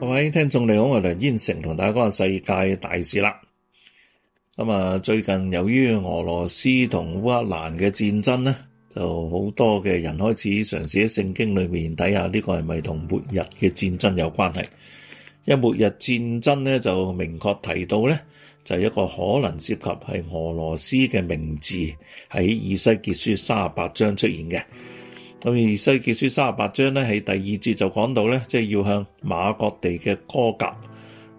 各位聽眾，你好，我係梁燕城，同大家講下世界大事啦。咁啊，最近由於俄羅斯同烏克蘭嘅戰爭咧，就好多嘅人開始嘗試喺聖經裏面睇下呢個係咪同末日嘅戰爭有關係。因為末日戰爭咧，就明確提到咧，就一個可能涉及係俄羅斯嘅名字喺以西結書三十八章出現嘅。咁而《西結書》三十八章咧，喺第二節就講到咧，即係要向馬各地嘅哥格，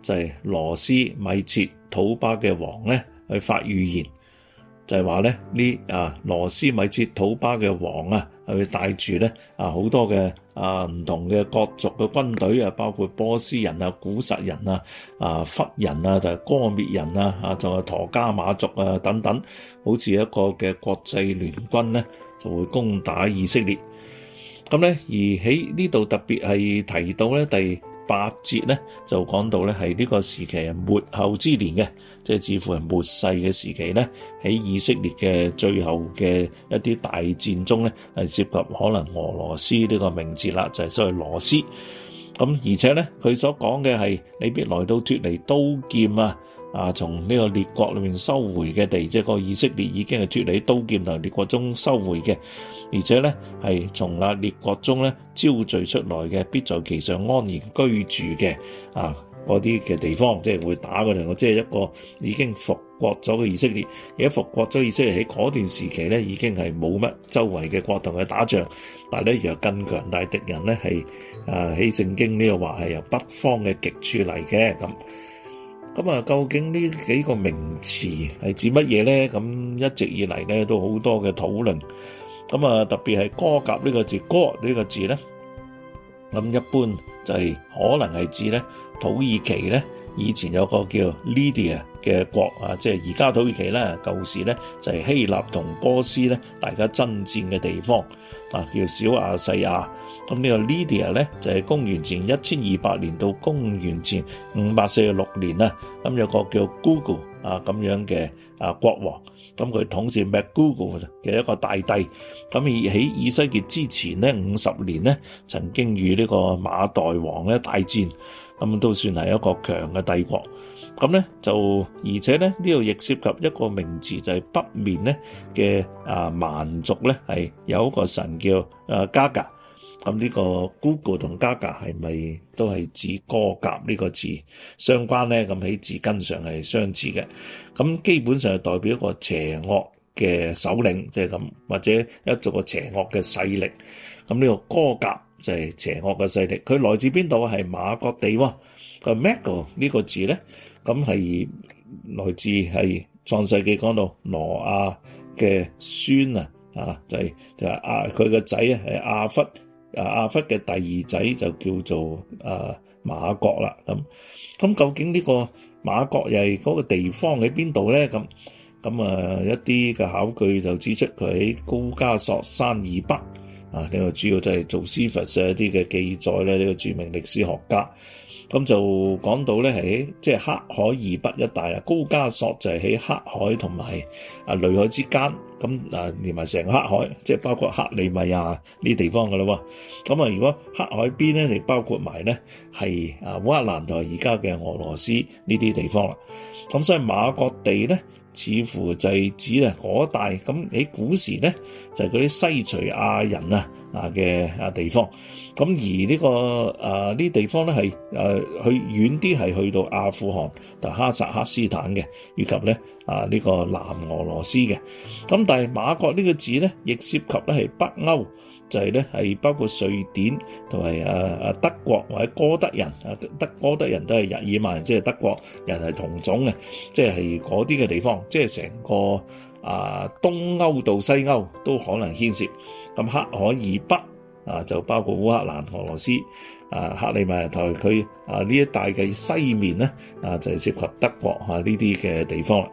就係羅斯、米切、土巴嘅王咧，去發預言，就係話咧呢啊羅斯、米切、土巴嘅王啊，係帶住咧啊好多嘅啊唔同嘅各族嘅軍隊啊，包括波斯人啊、古實人啊、啊弗人啊，就係哥滅人啊，啊仲有陀家馬族啊等等，好似一個嘅國際聯軍咧，就會攻打以色列。咁咧，而喺呢度特別係提到咧第八節咧，就講到咧係呢個時期係末後之年嘅，即係似乎係末世嘅時期咧，喺以色列嘅最後嘅一啲大戰中咧，係涉及可能俄羅斯呢個名字啦，就係所謂羅斯。咁而且咧，佢所講嘅係你必來到脱離刀劍啊！啊！從呢個列國裏面收回嘅地，即係個以色列已經係脫離刀劍同列國中收回嘅，而且咧係從啊列國中咧招聚出來嘅，必在其上安然居住嘅啊嗰啲嘅地方，即係會打佢哋。我即係一個已經復國咗嘅以色列，而家復國咗以色列喺嗰段時期咧，已經係冇乜周圍嘅國同佢打仗，但係咧若更強大敵人咧係啊喺聖經呢個話係由北方嘅極處嚟嘅咁。咁啊，究竟呢幾個名詞係指乜嘢咧？咁一直以嚟咧都有好多嘅討論。咁啊，特別係哥甲呢個字，哥呢個字咧，咁一般就係可能係指咧土耳其咧，以前有個叫 Lydia。嘅國啊，即係而家土耳其咧，舊時咧就係希臘同波斯咧，大家爭戰嘅地方啊，叫小亞細亞。咁呢個 Lydia 咧，就係、是、公元前一千二百年到公元前五百四六年，呢，咁有個叫 Gugu 啊咁樣嘅啊國王，咁佢統治 Magog 嘅一個大帝。咁而喺以西結之前咧，五十年咧，曾經與呢個馬代王咧大戰，咁都算係一個強嘅帝國。咁咧，就而且咧，呢度亦涉及一個名字，就係北面咧嘅啊蠻族咧係有一個神叫啊加噶。咁呢個 Google 同加噶係咪都係指歌革呢個字相關咧？咁喺字根上係相似嘅。咁基本上係代表一個邪惡嘅首領，即係咁或者一族嘅邪惡嘅勢力。咁呢個歌革就係邪惡嘅勢力，佢來自邊度啊？係瑪各地喎。個 Mago 呢個字咧，咁係來自係創世記講到挪亞嘅孫啊，啊就係就係亞佢個仔啊，係雅弗啊，雅弗嘅第二仔就叫做啊瑪各啦。咁咁究竟呢個瑪各又係嗰個地方喺邊度咧？咁咁啊一啲嘅考據就指出佢喺高加索山以北啊。呢個主要就係約瑟夫嘅一啲嘅記載咧，呢個著名歷史學家。咁就講到咧，喺即係黑海以北一帶高加索就係喺黑海同埋啊裏海之間，咁啊連埋成個黑海，即係包括克里米亞呢啲地方㗎喇。咁啊，如果黑海邊咧，亦包括埋咧係啊烏克蘭同埋而家嘅俄羅斯呢啲地方啦。咁所以馬國地咧。似乎就係指咧嗰帶，咁喺古時咧就係嗰啲西徐亞人啊啊嘅啊地方，咁而呢、這個啊呢、呃、地方咧係誒去遠啲係去到阿富汗同哈薩克斯坦嘅，以及咧啊呢、這個南俄羅斯嘅，咁但係馬國呢個字咧亦涉及咧係北歐。就係咧，係包括瑞典同埋啊啊德國或者哥德人啊德哥德人都係日耳曼人，即係德國人係同種嘅，即係嗰啲嘅地方，即係成個啊東歐到西歐都可能牽涉。咁黑海以北啊，就包括烏克蘭、俄羅斯。啊，克里米亞地區啊，呢一帶嘅西面咧，啊就係涉及德國嚇呢啲嘅地方啦，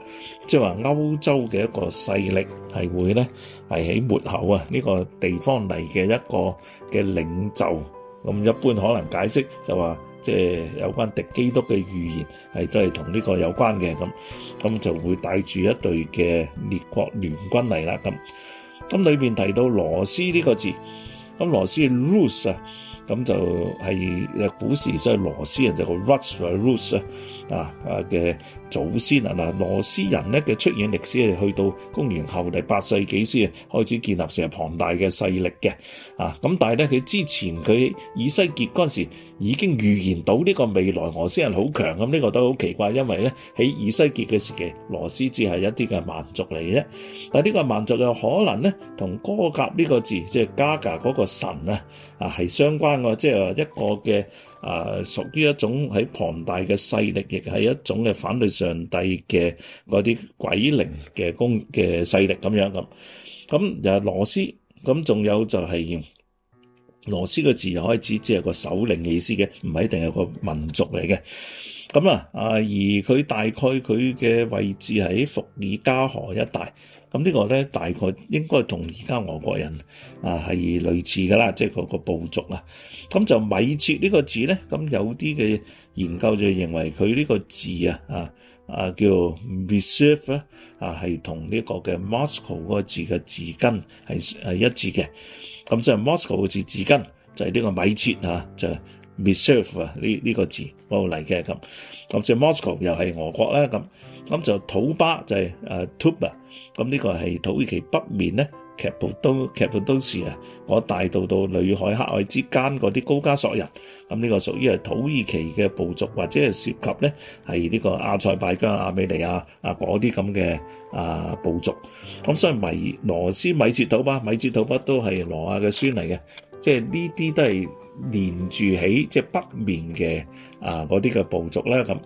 即係話歐洲嘅一個勢力係會咧，係喺末後啊呢個地方嚟嘅一個嘅領袖，咁一般可能解釋就話即係有關敵基督嘅預言係都係同呢個有關嘅咁，咁就會帶住一隊嘅列國聯軍嚟啦咁，咁裏邊提到羅斯呢個字，咁羅斯 rus 啊。咁就係古時即係羅斯人就叫 Russians 啊啊嘅祖先啊嗱，羅斯人咧嘅出現歷史去到公元後第八世紀先開始建立成日龐大嘅勢力嘅啊，咁但係咧佢之前佢以西結嗰陣時。已經預言到呢個未來俄斯人好強咁，呢個都好奇怪，因為咧喺以西結嘅時期，俄斯只係一啲嘅蠻族嚟嘅，但呢個蠻族有可能咧同哥格呢個字，即係加噶嗰個神啊啊係相關嘅，即係一個嘅啊屬於一種喺龐大嘅勢力，亦係一種嘅反對上帝嘅嗰啲鬼靈嘅公嘅勢力咁樣咁。咁又係俄斯，咁仲有就係、是。羅斯個字又開始只係個首領嘅意思嘅，唔係一定係個民族嚟嘅。咁啦，啊，而佢大概佢嘅位置喺伏爾加河一帶。咁呢個咧大概應該同而家俄國人啊係類似噶啦，即係個個部族啊。咁就米切呢個字咧，咁有啲嘅研究就認為佢呢個字啊啊啊叫 Reserve 啊，係同呢個嘅 Moscow 個字嘅字根係係一致嘅。咁即係 Moscow 好似字根就係、是、呢個米切嚇，就是、missive 啊呢呢個字嗰度嚟嘅咁，即係 Moscow 又係俄國啦咁，就土巴就係、是、Tuba，咁呢個係土耳其北面呢。劇部都劇部當時啊，我帶到到里海黑海之間嗰啲高加索人，咁呢個屬於係土耳其嘅部族，或者係涉及咧係呢個阿塞拜疆、亞美尼亞啊嗰啲咁嘅啊部族。咁所以米羅斯米捷土巴米捷土巴都係羅亞嘅孫嚟嘅，即係呢啲都係連住起即係北面嘅啊嗰啲嘅部族啦咁。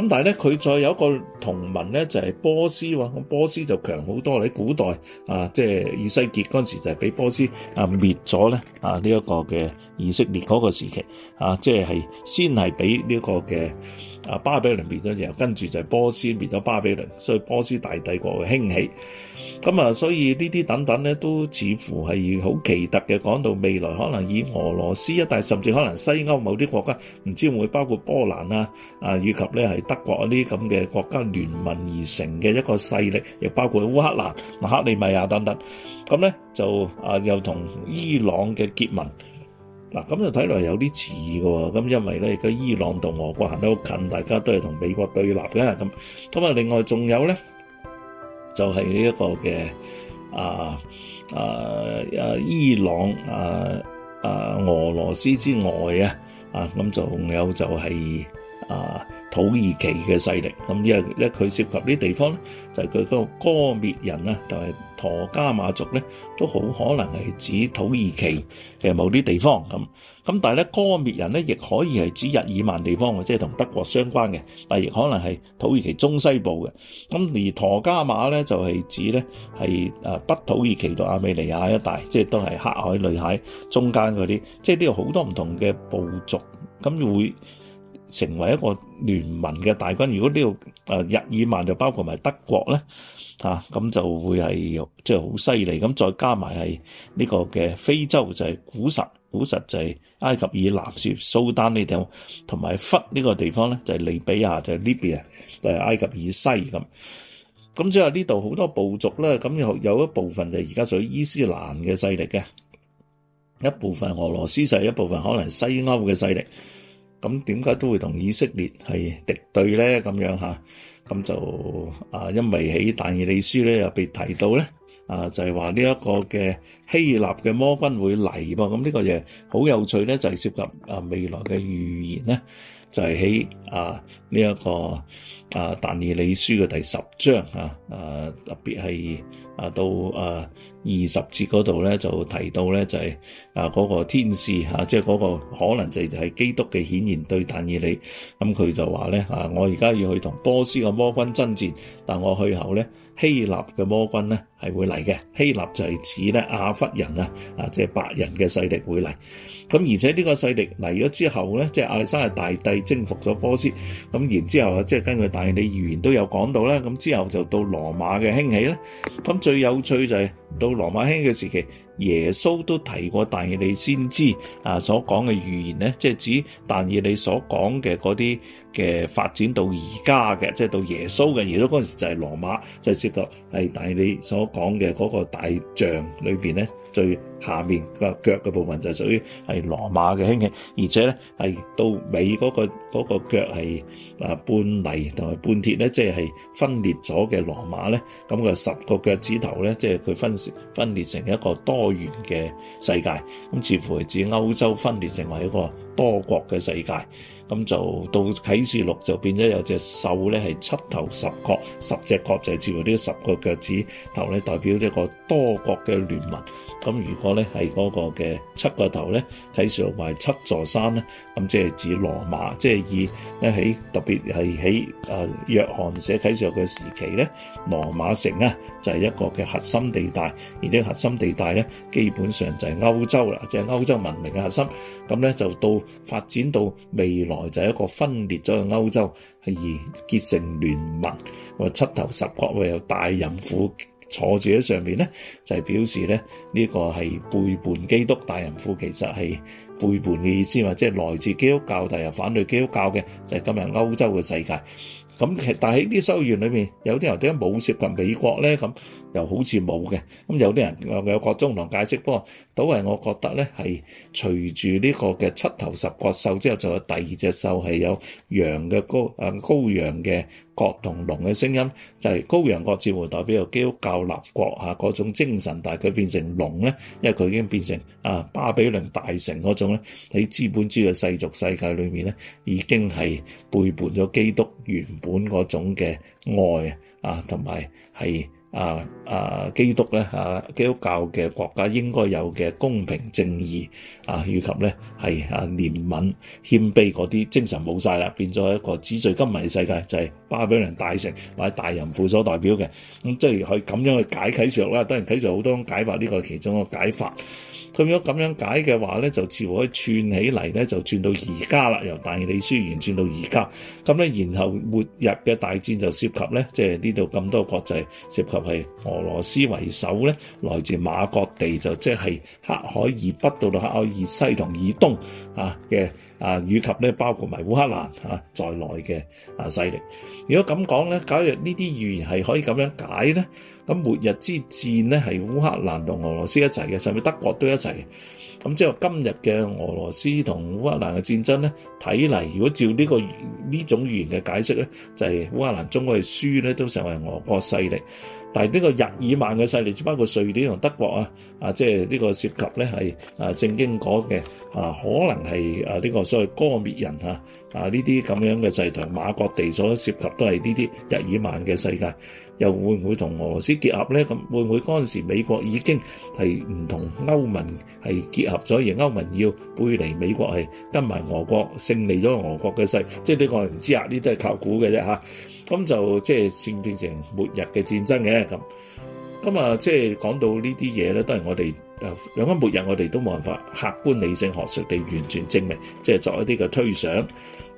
咁但係咧，佢再有一個同盟咧，就係波斯喎。咁波斯就強好多。喺古代啊，即係以西結嗰陣時就係俾波斯啊滅咗咧啊呢一個嘅以色列嗰個時期啊，即係先係俾呢一個嘅啊巴比倫滅咗，然後跟住就係波斯滅咗巴比倫，所以波斯大帝國興起。咁啊，所以呢啲等等咧，都似乎係好奇特嘅，講到未來可能以俄羅斯一帶，甚至可能西歐某啲國家，唔知會唔會包括波蘭啊，啊以及咧德國嗰啲咁嘅國家聯盟而成嘅一個勢力，亦包括烏克蘭、克里米亞等等。咁咧就啊，又同伊朗嘅結盟。嗱、啊，咁就睇落有啲似嘅喎。咁因為咧而家伊朗同俄國行得好近，大家都係同美國對立嘅。咁，咁啊，另外仲有咧，就係呢一個嘅啊啊啊，伊朗啊啊，俄羅斯之外啊啊，咁仲有就係、是、啊。土耳其嘅勢力，咁因為咧佢涉及啲地方咧，就係佢嗰個哥滅人啊，就係陀加馬族咧，都好可能係指土耳其嘅某啲地方咁。咁但係咧，哥滅人咧，亦可以係指日耳曼地方，即係同德國相關嘅，但係亦可能係土耳其中西部嘅。咁而陀加馬咧，就係指咧係誒北土耳其到亞美尼亞一帶，即係都係黑海、裏海中間嗰啲，即係都有好多唔同嘅部族，咁會。成為一個聯盟嘅大軍，如果呢度、呃、日耳曼就包括埋德國咧，咁、啊、就會係即係好犀利，咁、就是、再加埋係呢個嘅非洲就係古實，古實就係埃及以南至蘇丹呢啲，同埋忽呢個地方咧就係、是、利比亞，就係 Libya 就係、是就是、埃及以西咁。咁即係呢度好多部族咧，咁有有一部分就而家屬於伊斯蘭嘅勢力嘅，一部分俄羅斯勢，一部分可能西歐嘅勢力。咁點解都會同以色列係敵對咧？咁樣吓，咁就啊，因為喺但以理書咧又被提到咧，啊就係話呢一個嘅希臘嘅魔君會嚟噃，咁呢個嘢好有趣咧，就係涉及啊未來嘅預言咧，就係喺啊呢一個啊但以理書嘅第十章啊，誒特別係。啊，到啊二十節嗰度咧，就提到咧，就係啊嗰個天使嚇，即係嗰個可能就係基督嘅顯現對現對但以理，咁佢就話咧，我而家要去同波斯嘅魔軍爭戰，但我去後咧，希臘嘅魔軍咧係會嚟嘅。希臘就係指咧亞弗人啊，啊即係白人嘅勢力會嚟。咁而且呢個勢力嚟咗之後咧，即係亞歷山大帝征服咗波斯，咁然之後啊，即、就、係、是、根據但以理預言都有講到呢。咁之後就到羅馬嘅興起咧，咁。最有趣就係到羅馬興嘅時期，耶穌都提過但以利先知啊所講嘅預言咧，即係指但以利所講嘅嗰啲。嘅發展到而家嘅，即係到耶穌嘅耶穌嗰陣時就係羅馬，就涉及到係。但係你所講嘅嗰個大象裏邊咧，最下面個腳嘅部分就係屬於係羅馬嘅興起，而且咧係到尾嗰、那個嗰、那個腳係啊半泥同埋半鐵咧，即、就、係、是、分裂咗嘅羅馬咧，咁、那個十個腳趾頭咧，即係佢分分裂成一個多元嘅世界，咁似乎係指歐洲分裂成為一個。多國嘅世界，咁就到《啟示錄》就變咗有隻獸咧，係七頭十角，十隻角就係指呢個十個腳趾頭咧，代表呢個多國嘅聯盟。咁如果咧係嗰個嘅七個頭咧，《啟示錄》埋七座山咧，咁即係指羅馬，即係以咧喺特別係喺誒約翰寫《啟示錄》嘅時期咧，羅馬城啊就係一個嘅核心地帶，而呢個核心地帶咧基本上就係歐洲啦，即係歐洲文明嘅核心。咁咧就到。發展到未來就係一個分裂咗嘅歐洲，而結成聯盟，話七頭十國，話有大淫婦坐住喺上邊咧，就係表示咧呢個係背叛基督。大淫婦其實係背叛嘅意思嘛，或者來自基督教，但又反對基督教嘅就係今日歐洲嘅世界。咁其實但喺啲修言裏面，有啲人點解冇涉及美國咧？咁。又好似冇嘅，咁有啲人有有各種唔同解釋，不過都係我覺得咧，係隨住呢個嘅七頭十角獸之後，就有第二隻獸係有羊嘅高高羊嘅角同龍嘅聲音，就係、是、高羊角似乎代表基督教立國嚇嗰、啊、種精神，但係佢變成龍咧，因為佢已經變成啊巴比倫大城嗰種咧喺資本主義世俗世界裏面咧已經係背叛咗基督原本嗰種嘅愛啊，同埋係。啊啊！基督咧嚇、啊，基督教嘅國家應該有嘅公平正義啊，以及咧係啊憐憫、謙卑嗰啲精神冇晒啦，變咗一個紙醉金迷嘅世界，就係、是、巴比倫大城或者大淫婦所代表嘅。咁、嗯、即係可以咁樣去解啟示錄啦，當然啟示錄好多解法，呢、呢個其中一個解法。佢如果咁樣解嘅話咧，就似乎可以串起嚟咧，就串到而家啦，由大理書完串到而家。咁咧，然後末日嘅大戰就涉及咧，即係呢度咁多國際涉及係俄羅斯為首咧，來自馬國地就即係黑海以北到到黑海以西同以東啊嘅啊，以及咧包括埋烏克蘭啊在內嘅啊勢力。如果咁講咧，假如呢啲語言係可以咁樣解咧？咁末日之戰咧係烏克蘭同俄羅斯一齊嘅，甚至德國都一齊。咁即係今日嘅俄羅斯同烏克蘭嘅戰爭咧，睇嚟如果照呢個呢種語言嘅解釋咧，就係烏克蘭中國嘅輸咧，都成為俄國勢力。但係呢個日耳曼嘅勢力，包括瑞典同德國啊，啊即係呢個涉及咧係啊聖經講嘅啊，可能係啊呢個所謂哥滅人啊啊呢啲咁樣嘅勢力，馬國地所涉及都係呢啲日耳曼嘅世界。又會唔會同俄羅斯結合咧？咁會唔會嗰陣時美國已經係唔同歐盟係結合咗，而歐盟要背離美國係跟埋俄國勝利咗俄國嘅勢？即係呢個我唔知啊，呢啲係靠估嘅啫吓。咁就即係算變成末日嘅戰爭嘅咁。咁啊，即係講到呢啲嘢咧，都係我哋誒兩個末日，我哋都冇辦法客觀理性學術地完全證明，即係作一啲嘅推想。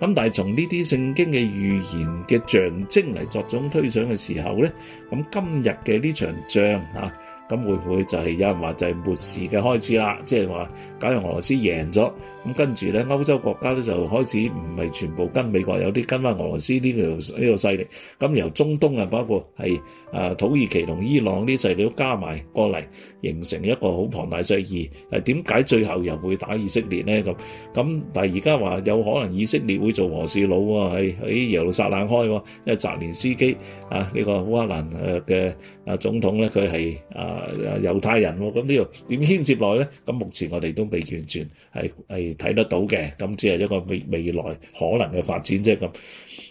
咁但係從呢啲聖經嘅預言嘅象徵嚟作種推想嘅時候呢，咁今日嘅呢場仗啊咁會唔會就係有人話就係末時嘅開始啦？即係話假如俄羅斯贏咗，咁跟住咧歐洲國家咧就開始唔係全部跟美國，有啲跟翻俄羅斯呢個呢個勢力。咁由中東啊，包括係啊土耳其同伊朗呢啲勢力都加埋過嚟，形成一個好龐大勢力。誒點解最後又會打以色列咧？咁咁但係而家話有可能以色列會做和事佬喎？喺喺耶路撒冷開喎，因為澤連斯基啊呢個烏克蘭嘅啊總統咧佢係啊。猶太人喎，咁呢個點牽涉落去咧？咁目前我哋都未完全係係睇得到嘅，咁只係一個未未來可能嘅發展啫。咁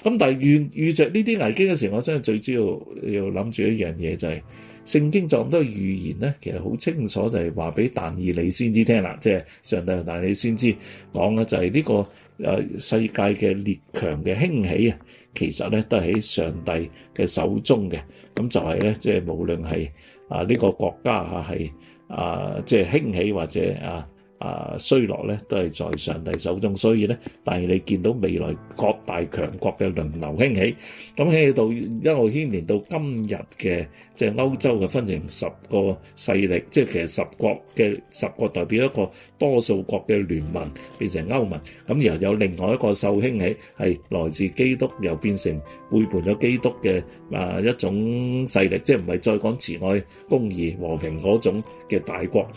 咁，但係遇遇著呢啲危機嘅時候，我真係最主要要諗住一樣嘢就係聖經作咁多預言咧，其實好清楚就係話俾但以理先知聽啦，即係上帝但以理先知講嘅就係呢個誒世界嘅列強嘅興起啊，其實咧都喺上帝嘅手中嘅。咁就係咧，即係無論係。啊！呢個國家嚇係啊，即係興起或者啊。啊衰落咧，都係在上帝手中，所以咧，但係你見到未來各大強國嘅輪流興起，咁興起到一路牽連到今日嘅，即係歐洲嘅分成十個勢力，即係其實十國嘅十國代表一個多數國嘅聯盟變成歐盟，咁然後有另外一個受興起係來自基督，又變成背叛咗基督嘅啊一種勢力，即係唔係再講慈愛、公義、和平嗰種嘅大國。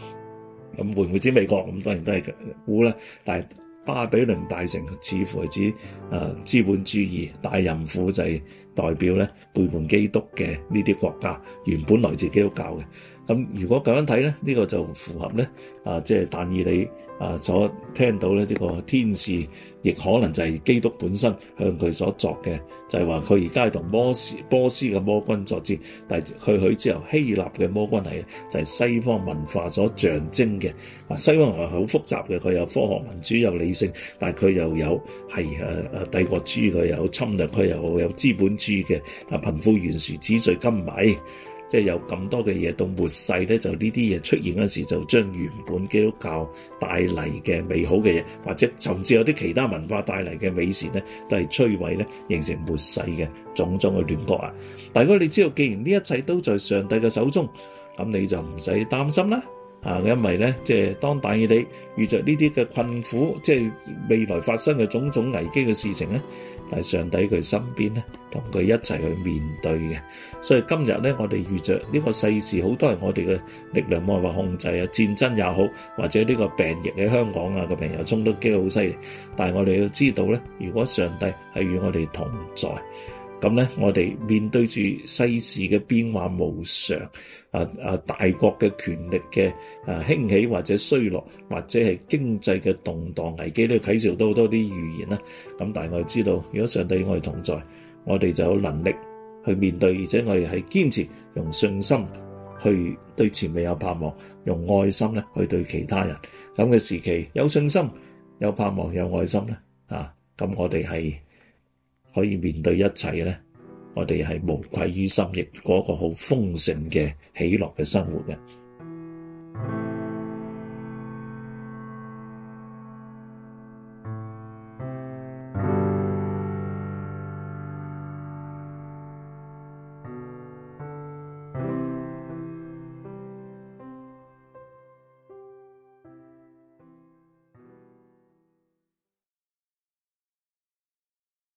咁背叛指美國，咁當然都係估啦。但係巴比倫大城似乎係指資本主義，大淫婦就係代表咧背叛基督嘅呢啲國家，原本來自基督教嘅。咁如果咁樣睇咧，呢、這個就符合咧，啊即係、就是、但以理。啊！所聽到咧，呢、這個天使，亦可能就係基督本身向佢所作嘅，就係話佢而家係同波斯波斯嘅魔君作戰，但係佢去之後，希臘嘅魔君係就係、是、西方文化所象徵嘅。嗱，西方文化好複雜嘅，佢有科學民主有理性，但係佢又有係誒誒帝國主義，佢又有侵略，佢又有資本主義嘅，啊貧富懸殊，紙醉金迷。即係有咁多嘅嘢到末世咧，就呢啲嘢出現嗰時，就將原本基督教帶嚟嘅美好嘅嘢，或者甚至有啲其他文化帶嚟嘅美善咧，都係摧毀咧，形成末世嘅種種嘅亂局啊！大家你知道，既然呢一切都在上帝嘅手中，咁你就唔使擔心啦啊！因為咧，即係當但以理遇着呢啲嘅困苦，即係未來發生嘅種種危機嘅事情咧。係上帝佢身邊咧，同佢一齊去面對嘅。所以今日咧，我哋遇着呢個世事，好多係我哋嘅力量冇辦法控制啊，戰爭也好，或者呢個病疫喺香港啊，個病又衝得幾好犀利。但係我哋要知道咧，如果上帝係與我哋同在。咁咧，我哋面對住世事嘅變幻無常，啊啊，大國嘅權力嘅啊興起或者衰落，或者係經濟嘅動盪危機，都啟示到好多啲預言啦。咁但係我哋知道，如果上帝與我哋同在，我哋就有能力去面對，而且我哋係堅持用信心去對前未有盼望，用愛心咧去對其他人。咁嘅時期，有信心、有盼望、有愛心咧，啊，咁我哋係，可以面對一切呢，我哋係無愧於心意，亦、過、一個好豐盛嘅喜樂嘅生活。